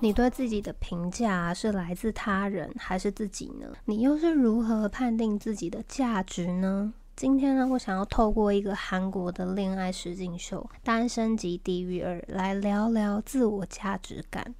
你對自己的評價是來自他人還是自己呢？你又是如何判定自己的價值呢？今天呢，我想要透過一個韓國的戀愛實境秀《單身即地獄二》來聊聊自我價值感。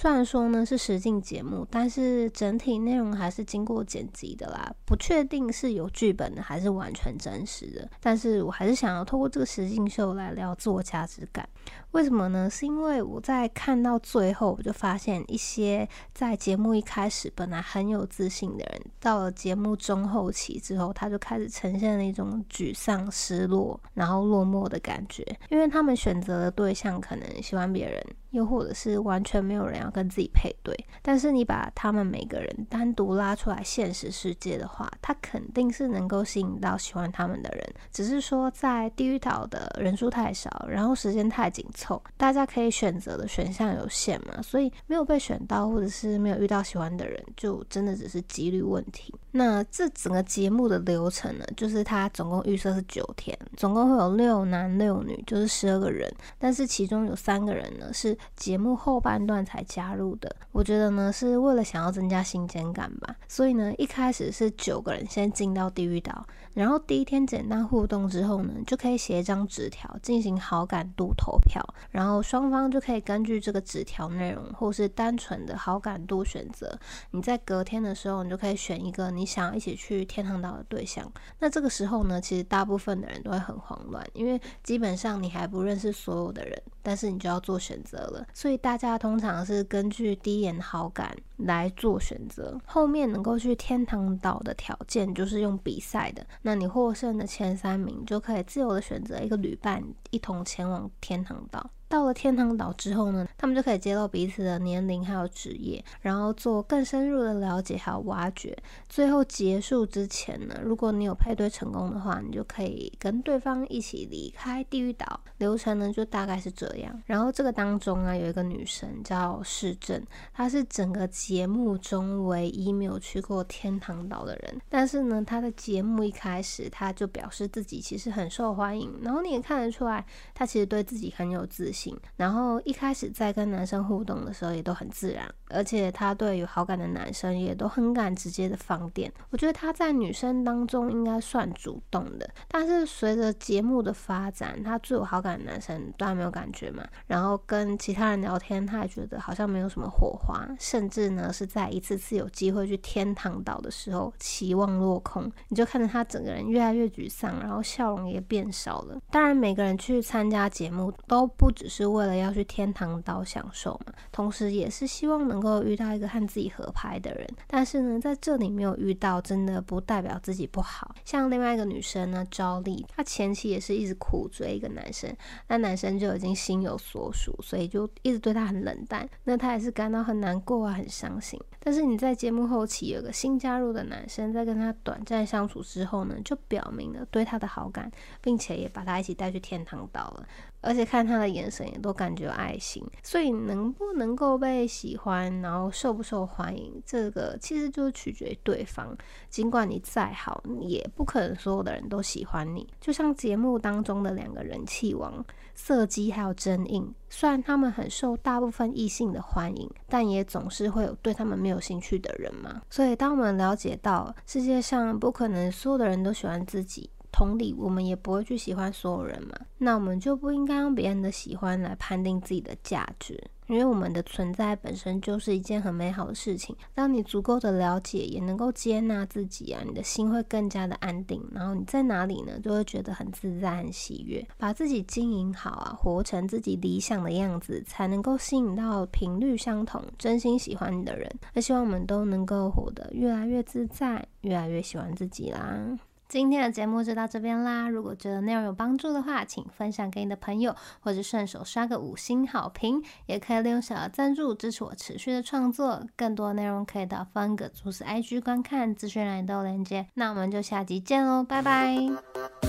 雖然說呢是實境節目，但是整體內容還是經過剪輯的啦，不確定是有劇本的還是完全真實的。但是我還是想要透過這個實境秀來聊自我價值感，為什麼呢？是因為我在看到最後，我就發現一些在節目一開始本來很有自信的人，到了節目中後期之後，他就開始呈現了一種沮喪、失落，然後落寞的感覺。因為他們選擇的對象可能喜歡別人，又或者是完全沒有人要。跟自己配對，但是你把他們每個人單獨拉出來，現實世界的話，他肯定是能夠吸引到喜歡他們的人，只是說在地獄島的人數太少，然後時間太緊湊，大家可以選擇的選項有限嘛，所以沒有被選到，或者是沒有遇到喜歡的人，就真的只是幾率問題。那這整個節目的流程呢，就是它總共預設是九天，總共會有六男六女，就是十二個人。但是其中有三個人呢是節目後半段才加入的。我覺得呢是為了想要增加新鮮感吧。所以呢一開始是九個人先進到地獄島，然後第一天簡單互動之後呢，就可以寫一張紙條進行好感度投票，然後雙方就可以根據這個紙條內容或是單純的好感度選擇。你在隔天的時候，你就可以選一個你。想要一起去天堂島的對象，那這個時候呢，其實大部分的人都會很慌亂，因為基本上你還不認識所有的人，但是你就要做選擇了。所以大家通常是根據第一眼好感來做選擇。後面能夠去天堂島的條件就是用比賽的，那你獲勝的前三名就可以自由的選擇一個旅伴，一同前往天堂島。到了天堂島之後呢，他們就可以揭露彼此的年齡還有職業，然後做更深入的了解還有挖掘。最後結束之前呢，如果你有配對成功的話，你就可以跟對方一起離開地獄島。流程呢就大概是這樣。然後這個當中啊，有一個女生叫世正，她是整個節目中唯一沒有去過天堂島的人。但是呢，她的節目一開始，她就表示自己其實很受歡迎。然後你也看得出來，她其實對自己很有自信。然後一開始在跟男生互動的時候也都很自然，而且他對有好感的男生也都很敢直接的放電。我覺得他在女生當中應該算主動的，但是隨着節目的發展，他最有好感的男生都還沒有感覺嘛，然後跟其他人聊天，他也覺得好像沒有什麼火花，甚至呢是在一次次有機會去天堂島的時候期望落空，你就看着他整個人越來越沮喪，然後笑容也變少了。當然每個人去參加節目都不止，是為了要去天堂島享受嘛，同時也是希望能夠遇到一個和自己合拍的人。但是呢，在這裡沒有遇到，真的不代表自己不好。像另外一個女生呢，趙麗，她前期也是一直苦追一個男生，那男生就已經心有所屬，所以就一直對她很冷淡。那她也是感到很難過啊，很傷心。但是你在節目後期有個新加入的男生，在跟他短暫相處之後呢，就表明了對他的好感，並且也把他一起帶去天堂島了。而且看他的眼神也都感覺有愛心，所以能不能夠被喜歡，然後受不受歡迎，這個其實就是取決於對方。儘管你再好，也不可能所有的人都喜歡你。就像節目當中的兩個人氣王瑟琪還有真英，雖然他們很受大部分異性的歡迎，但也總是會有對他們沒有興趣的人嘛。所以當我們了解到世界上不可能所有的人都喜歡自己。同理，我們也不會去喜歡所有人嘛。那我們就不應該用別人的喜歡來判定自己的價值，因為我們的存在本身就是一件很美好的事情。當你足夠的了解，也能夠接納自己啊，你的心會更加的安定。然後你在哪裡呢，就會覺得很自在、很喜悅。把自己經營好啊，活成自己理想的樣子，才能夠吸引到頻率相同、真心喜歡你的人。那希望我們都能夠活得越來越自在，越來越喜歡自己啦。今天的節目就到這邊啦！如果覺得內容有幫助的話，請分享給你的朋友，或者順手刷個五星好評，也可以利用小的贊助支持我持續的創作。更多內容可以到方格子 IG 觀看、資訊欄都有鏈接。那我們就下集見嘍，拜拜！